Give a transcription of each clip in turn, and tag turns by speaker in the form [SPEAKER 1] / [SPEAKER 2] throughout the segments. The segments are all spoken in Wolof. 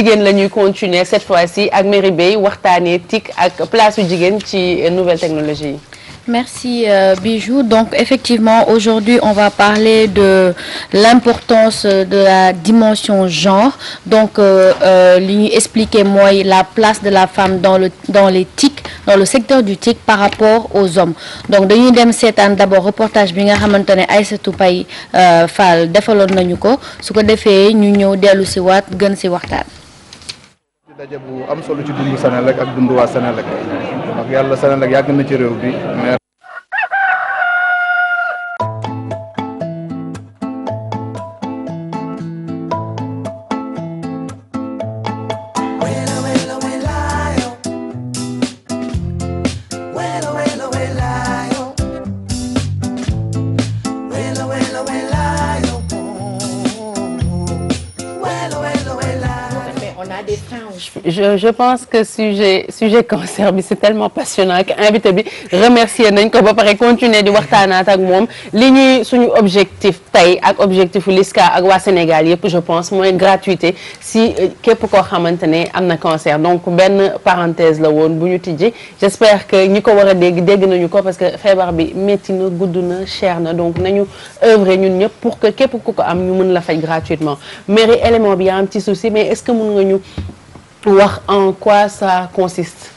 [SPEAKER 1] jigéen la ñuy continuer cette fois ak Mary Bey waxtaanee TIC ak place su jigéen ci nouvelle technologie
[SPEAKER 2] Merci euh, Bijou. Donc effectivement, aujourd'hui, on va parler de l'importance de la dimension genre. Donc euh, euh, li ñuy expliquer mooy la place de la femme dans le dans les TIC, dans le secteur du TIC par rapport aux hommes. Donc dañuy dem seetaan d'abord reportage bi nga xamante ne Aïssatou Paye euh, Fall defaloon nañu ko su ko defee ñu ñëw dellu si waat gën si waxtaan. daje bu am solo ci dundu Senelec ak dundu waa Senelec yàgg na ci réew bi
[SPEAKER 1] je pense que sujet sujet cancer bi c'est tellement passionnant que invité bi remercier nañ ko ba pare continuer di waxtaanaat ak moom li ñuy suñu objectif tey ak objectif LISCA ak waa Sénégal yëpp je pense mooy gratuité si euh, képp koo xamante ne am na cancer donc benn parenthèse la woon bu ñu tijji j'espère que ñi ko war a dégg dégg nañu ko parce que feebar bi métti na gudd na cher na donc nañu œuvrer ñun ñëpp pour que képp ku ko am ñu mën la faj gratuitement mairie élément bi yaa am mais est-ce que mën nga wax en quoi ça consiste.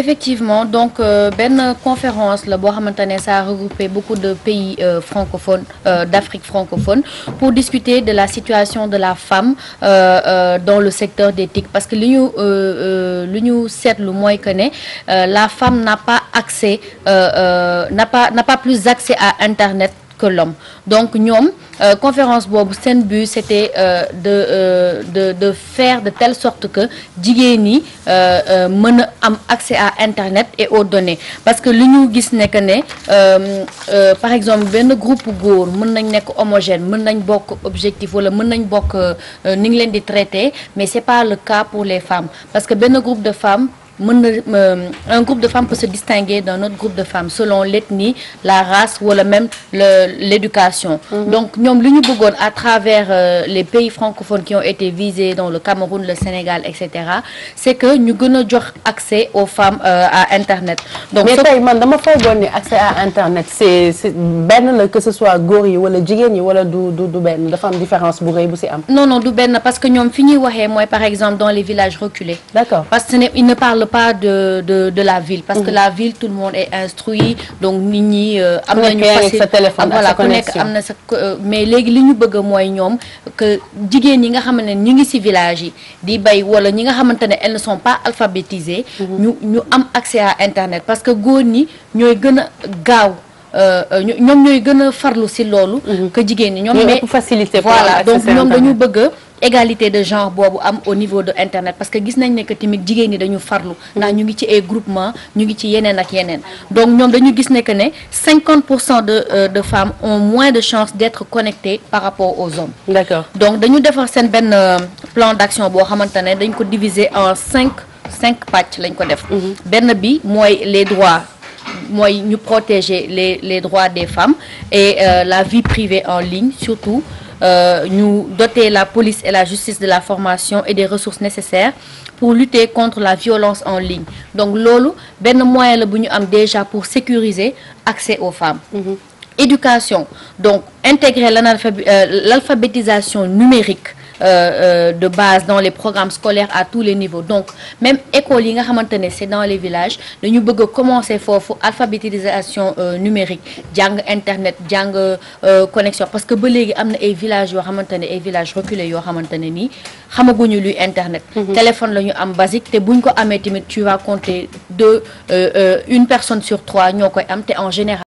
[SPEAKER 2] effectivement donc euh, benn conférence la boo xamante ne ça a regroupé beaucoup de pays euh, francophones euh, d'Afrique francophone pour discuter de la situation de la femme euh, euh, dans le secteur des TIC parce que li ñu euh, li ñu seetlu mooy que ne la femme n'a pas accès n'a pas n'a plus accès à Internet que l'homme donc ñoom euh, conférence boobu seen but c'était euh, de euh, de de faire de telle sorte que jigéen ñi euh, euh, mën a am accès à internet et aux données parce que li ñu gis ne que ne euh, par exemple benn groupe góor mën nañ nekk homogène mën nañ bokk objectif wala mën nañ bokk ni ngi leen di traité mais c'est pas le cas pour les femmes parce que benn groupe de femmes mën na euh, un groupe de femmes peut se distinguer d'un autre groupe de femmes selon l'ethnie la race wala même le l'éducation mmh. donc ñoom li ñu bëggoon à travers euh, les pays francophones qui ont été visés dans le Cameroun le Sénégal et cetera c'est que ñu gën a jox accès aux femmes euh, à internet donc mais tey man
[SPEAKER 1] dama foogoon ni accès à internet c'est c'est benn la que ce soit góor yi wala jigéen yi wala du du du benn dafa am différence bu rëy bu si am
[SPEAKER 2] non non du benn parce que ñoom fi ñuy waxee mooy par exemple dans les villages reculés d'accord parce que il ne parle parle pas de de de la ville. parce que mm-hmm. la ville tout le monde est instruit donc nit ñi. Euh, am nañu facile sa téléphone voilà ku nekk am na sa euh, mais léegi li ñu bëgg mooy ñoom que jigéen ñi nga xam ne ñu ngi ci village yi di bay wala ñi nga xamante ne elles ne sont pas alphabétisées. Mm-hmm. ñu ñu am accès à internet parce que góor ñi ñooy gën a gaaw. Euh, ñoom ñooy gën a farlu si loolu mhm. que jigéen ñi ñoom mais facilité voilà donc ñoom dañu bëgg égalité de genre boobu am au niveau de internet parce que gis nañ ne que tamit jigéen ñi dañu farlu mhm. ndax ñu ngi ci ay groupement ñu ngi ci yeneen ak yeneen donc ñoom dañu gis ne que ne 50 pour cent de euh, de femmes ont moins de chances d'être connectées par rapport aux hommes d'accord donc dañu defar seen benn euh, plan d'action boo xamante ne dañ ko diviser en cinq cinq pàcc lañ ko def mhm. benn bi mooy les droits mooy ñu protéger les les droits des femmes et euh, la vie privée en ligne surtout euh, ñu doter la police et la justice de la formation et des ressources nécessaires pour lutter contre la violence en ligne donc loolu benn moyen la bu ñu am déjà pour sécuriser accès aux femmes mm-hmm. éducation donc intégrer euh, l'alphabétisation numérique Euh, euh, de base dans les programmes scolaires à tous les niveaux donc même écoles yi nga xamante ne c'est dans les villages dañu bëgg a commencer foofu alphabétisation euh, numérique jàng internet jàng connexion parce que ba léegi am na ay villages yoo xamante ne ay villages reculés yoo xamante ne nii xamaguñu luy internet mhm. téléphone la ñu am basique te buñ ko amee tamit tu vas compter deux une personne sur trois ñoo koy am te en général